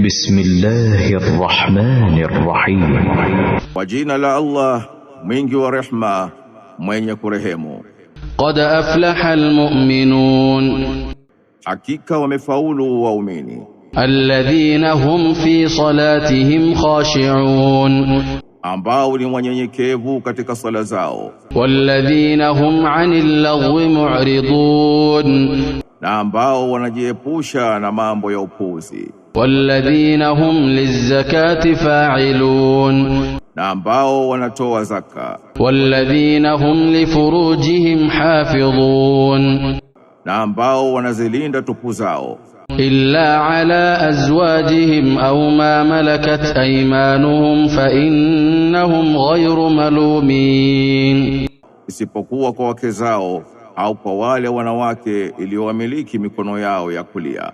بسم الله الرحمن الرحيم kwa jina la Allah mwingi wa rehma mwenye kurehemu qad aflaha almu'minun hakika wamefaulu waumini alladhina hum fi salatihim khashi'un ambao ni wanyenyekevu katika sala zao walladhina hum 'anil lagwi mu'ridun na ambao wanajiepusha na mambo ya upuzi walladhina hum lizakati fa'ilun, na ambao wanatoa zaka. walladhina hum lifurujihim hafidhun, na ambao wanazilinda tupu zao illa ala azwajihim au ma malakat aymanuhum fa innahum ghayru malumin, isipokuwa kwa wake zao au kwa wale wanawake iliyowamiliki mikono yao ya kulia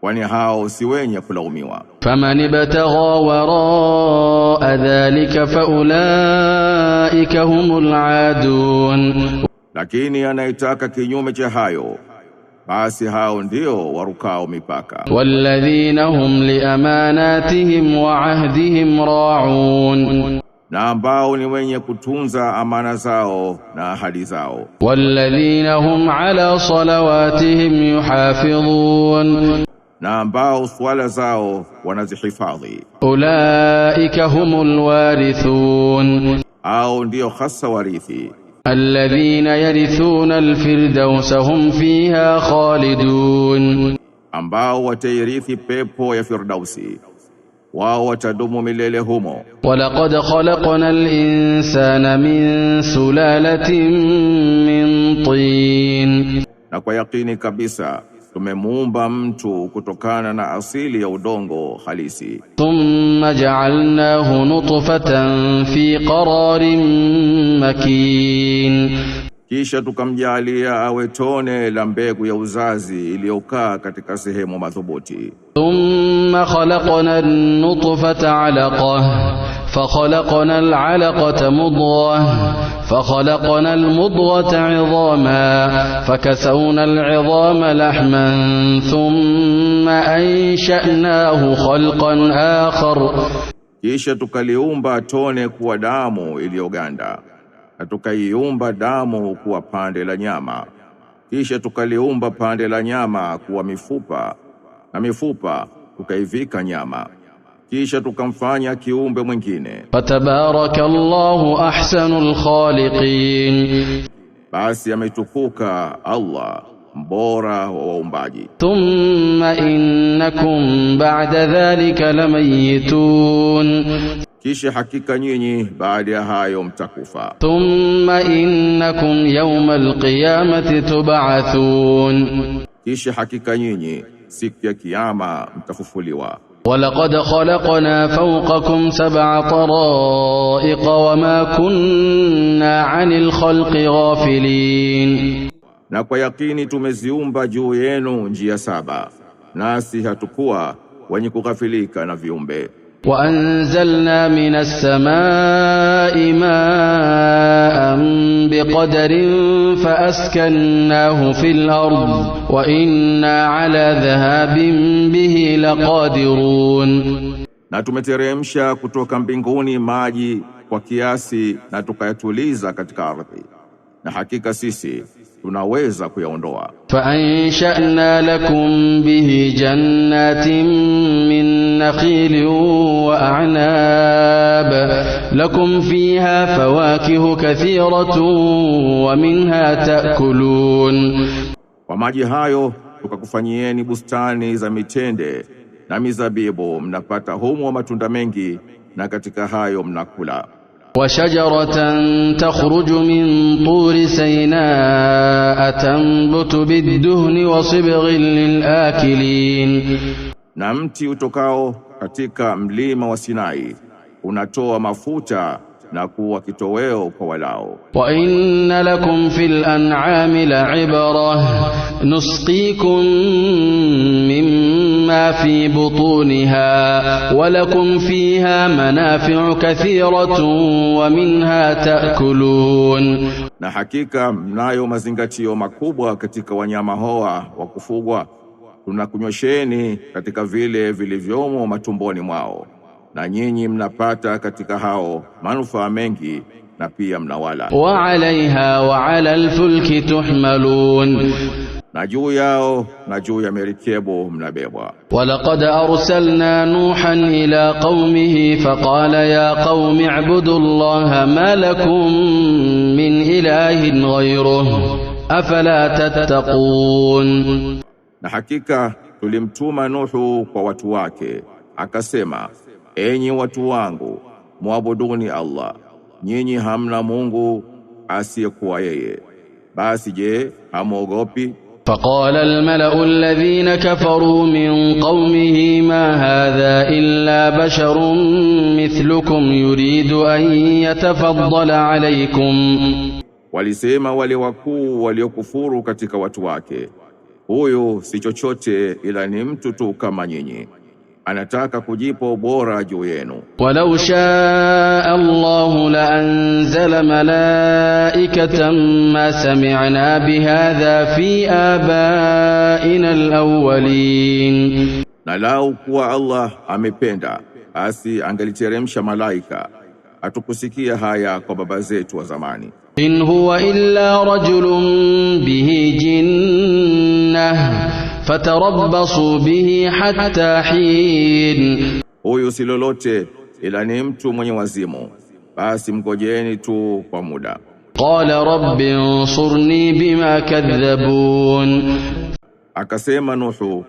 kwani hao si wenye kulaumiwa. faman batagha wara dhalika faulaika humul adun, lakini anayetaka kinyume cha hayo basi hao ndio warukao mipaka. walladhina hum liamanatihim wa ahdihim raun na ambao ni wenye kutunza amana zao na ahadi zao. walladhina hum ala salawatihim yuhafidhun na ambao swala zao wanazihifadhi. Ulaika humul warithun, au ndio hasa warithi. Alladhina yarithuna alfirdaus hum fiha khalidun, ambao watairithi pepo ya Firdausi wao watadumu milele humo. walaqad khalaqna al-insana min sulalatin min tin, na kwa yakini kabisa tumemuumba mtu kutokana na asili ya udongo halisi. Thumma ja'alnahu nutfatan fi qararin makin, kisha tukamjalia awe tone la mbegu ya uzazi iliyokaa katika sehemu madhubuti. Thumma خلقنا النطفة علقة فخلقنا العلقة مضغة فخلقنا المضغة عظاما فكسونا العظام لحما ثم أنشأناه خلقا آخر kisha tukaliumba tone kuwa damu iliyoganda na tukaiumba damu kuwa pande la nyama kisha tukaliumba pande la nyama kuwa mifupa na mifupa tukaivika nyama kisha tukamfanya kiumbe mwingine fatabarakallahu ahsanul khaliqin basi ametukuka Allah mbora wa waumbaji. Thumma innakum ba'da dhalika lamayitun, kisha hakika nyinyi baada ya hayo mtakufa. Thumma innakum yawmal qiyamati tub'athun, kisha hakika nyinyi siku ya kiyama mtafufuliwa. Walaqad khalaqna fawqakum sab'a wa ma kunna 'anil khalqi ghafilin, na kwa yakini tumeziumba juu yenu njia saba nasi hatukuwa wenye kughafilika na viumbe. وأنزلنا من السماء ماء بقدر فأسكناه في الأرض وإنا على ذهاب به لقادرون na tumeteremsha kutoka mbinguni maji kwa kiasi na tukayatuliza katika ardhi na hakika sisi tunaweza kuyaondoa. fa ansha'na lakum bihi jannatin min nakhilin wa a'nab lakum fiha fawakihu kathiratun wa minha ta'kulun, kwa maji hayo tukakufanyieni bustani za mitende na mizabibu, mnapata humo matunda mengi na katika hayo mnakula. وشجرة تخرج من طور سيناء تنبت بالدهن وصبغ للآكلين na mti utokao katika mlima wa Sinai unatoa mafuta na kuwa kitoweo kwa walao. wa inna lakum fil an'ami la'ibra nusqikum mimma fi butuniha wa lakum fiha manafi'u kathiratun wa minha ta'kulun, na hakika mnayo mazingatio makubwa katika wanyama hoa wa kufugwa, tunakunywesheni katika vile vilivyomo matumboni mwao na nyinyi mnapata katika hao manufaa mengi na pia mnawala. wa alaiha wa ala alfulki tuhmalun, na juu yao na juu ya merikebu mnabebwa. wa laqad arsalna nuhan ila qaumihi faqala ya qaumi ibudu Allaha ma lakum min ilahin ghayruh afala tattaqun, na hakika tulimtuma Nuhu kwa watu wake akasema Enyi watu wangu, mwabuduni Allah, nyinyi hamna Mungu asiyekuwa yeye. Basi je, hamwogopi? Faqala almalau alladhina kafaru min qaumihi ma hadha illa basharun mithlukum yuridu an yatafaddala alaykum, walisema wale wakuu waliokufuru katika watu wake, huyu si chochote ila ni mtu tu kama nyinyi anataka kujipa ubora juu yenu. walau shaa Allah la anzala malaikatan ma sami'na bihadha fi abaina alawwalin, na lau kuwa Allah amependa basi angeliteremsha malaika, hatukusikia haya kwa baba zetu wa zamani. in huwa illa rajulun bihi jinnah fatarabbasu bihi hatta hin, huyu si lolote ila ni mtu mwenye wazimu, basi mgojeeni tu kwa muda. Qala rabbi ansurni bima kadhabun, akasema Nuhu,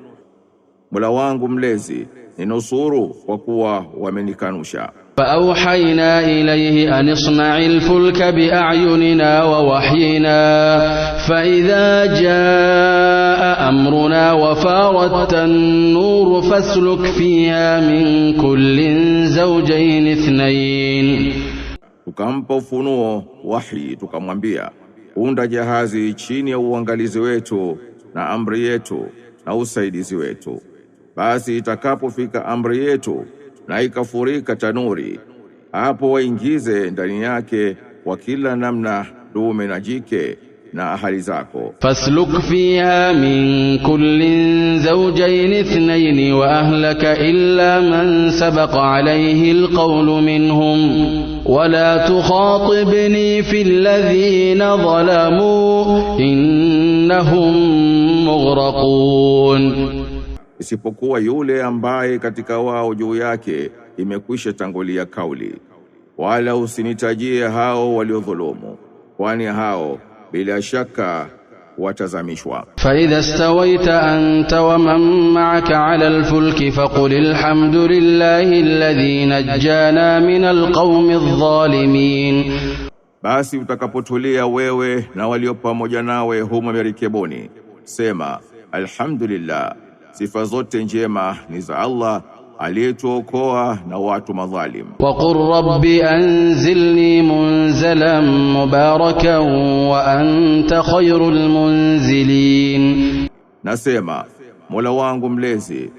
Mola wangu mlezi ninusuru kwa kuwa wamenikanusha. فأوحينا إليه أن اصنع الفلك بأعيننا ووحينا فإذا جاء جاء أمرنا وفارت النور فاسلك فيها من كل زوجين اثنين tukampa ufunuo wahi tukamwambia unda jahazi chini ya uangalizi wetu na amri yetu na usaidizi wetu basi itakapofika amri yetu na ikafurika tanuri hapo waingize ndani yake wa kila namna dume na jike na ahali zako. Fasluk fiha min kullin zawjayn ithnayn wa ahlaka illa man sabaqa alayhi alqawlu minhum wa la tukhatibni fi alladhina zalamu innahum mughraqun, isipokuwa yule ambaye katika wao juu yake imekwisha tangulia kauli, wala usinitajie hao waliodhulumu, kwani hao bila shaka watazamishwa. fa idha stawaita anta wa man ma'aka 'ala al-fulki faqul alhamdulillahi alladhi najjana min alqawmi adh-dhalimin, basi utakapotulia wewe na walio pamoja nawe humo merikeboni sema alhamdulillah, sifa zote njema ni za Allah aliyetuokoa na watu madhalim. wa qur rabbi anzilni munzalan mubarakan wa anta khayrul munzilin, nasema Mola wangu mlezi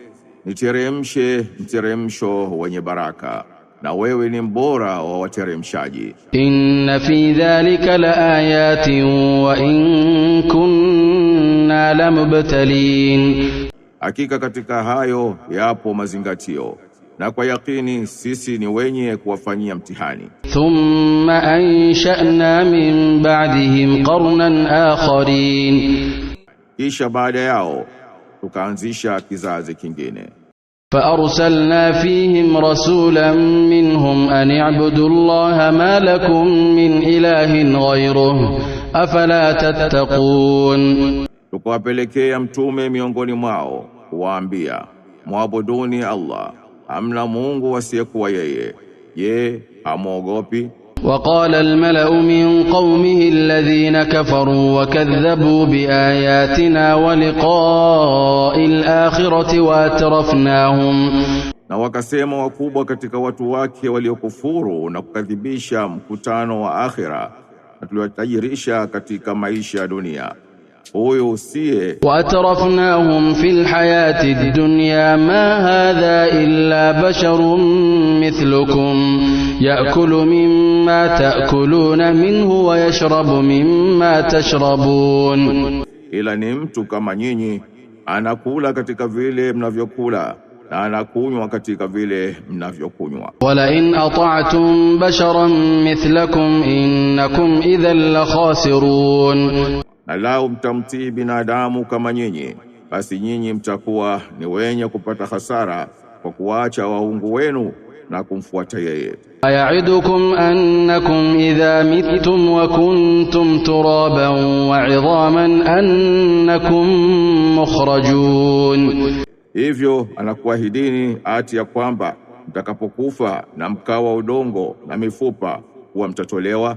niteremshe mteremsho wenye baraka na wewe ni mbora wa wateremshaji. inna fi dhalika la ayatin wa in kunna lamubtalin Hakika katika hayo yapo mazingatio na kwa yakini sisi ni wenye kuwafanyia mtihani. Thumma ansha'na min ba'dihim qarnan akharin, kisha baada yao tukaanzisha kizazi kingine. Fa arsalna fihim rasulan minhum an i'budu Allaha ma lakum min ilahin ghayruh afala tattaqun tukawapelekea mtume miongoni mwao kuwaambia, mwabuduni Allah, hamna Mungu asiyekuwa yeye. Je, hamwogopi? Waqala almalau min qaumihi alladhina kafaru wakadhabu biayatina wa liqai alakhirati wa atrafnahum, na wakasema wakubwa katika watu wake waliokufuru na kukadhibisha mkutano wa akhira na tuliwatajirisha katika maisha ya dunia huyo usiye. Waatrafnahum fil hayati dunya ma hadha illa basharun mithlukum yakulu mimma takuluna minhu wa yashrabu mimma tashrabun, ila ni mtu kama nyinyi, anakula katika vile mnavyokula na anakunywa katika vile mnavyokunywa. wala in ata'tum basharan mithlakum innakum idhan la khasirun na lau mtamtii binadamu kama nyinyi, basi nyinyi mtakuwa ni wenye kupata hasara kwa kuacha waungu wenu na kumfuata yeye. Ayaidukum annakum idha mittum wa kuntum turaban wa idhaman annakum mukhrajun, hivyo anakuahidini ati ya kwamba mtakapokufa na mkawa udongo na mifupa, kuwa mtatolewa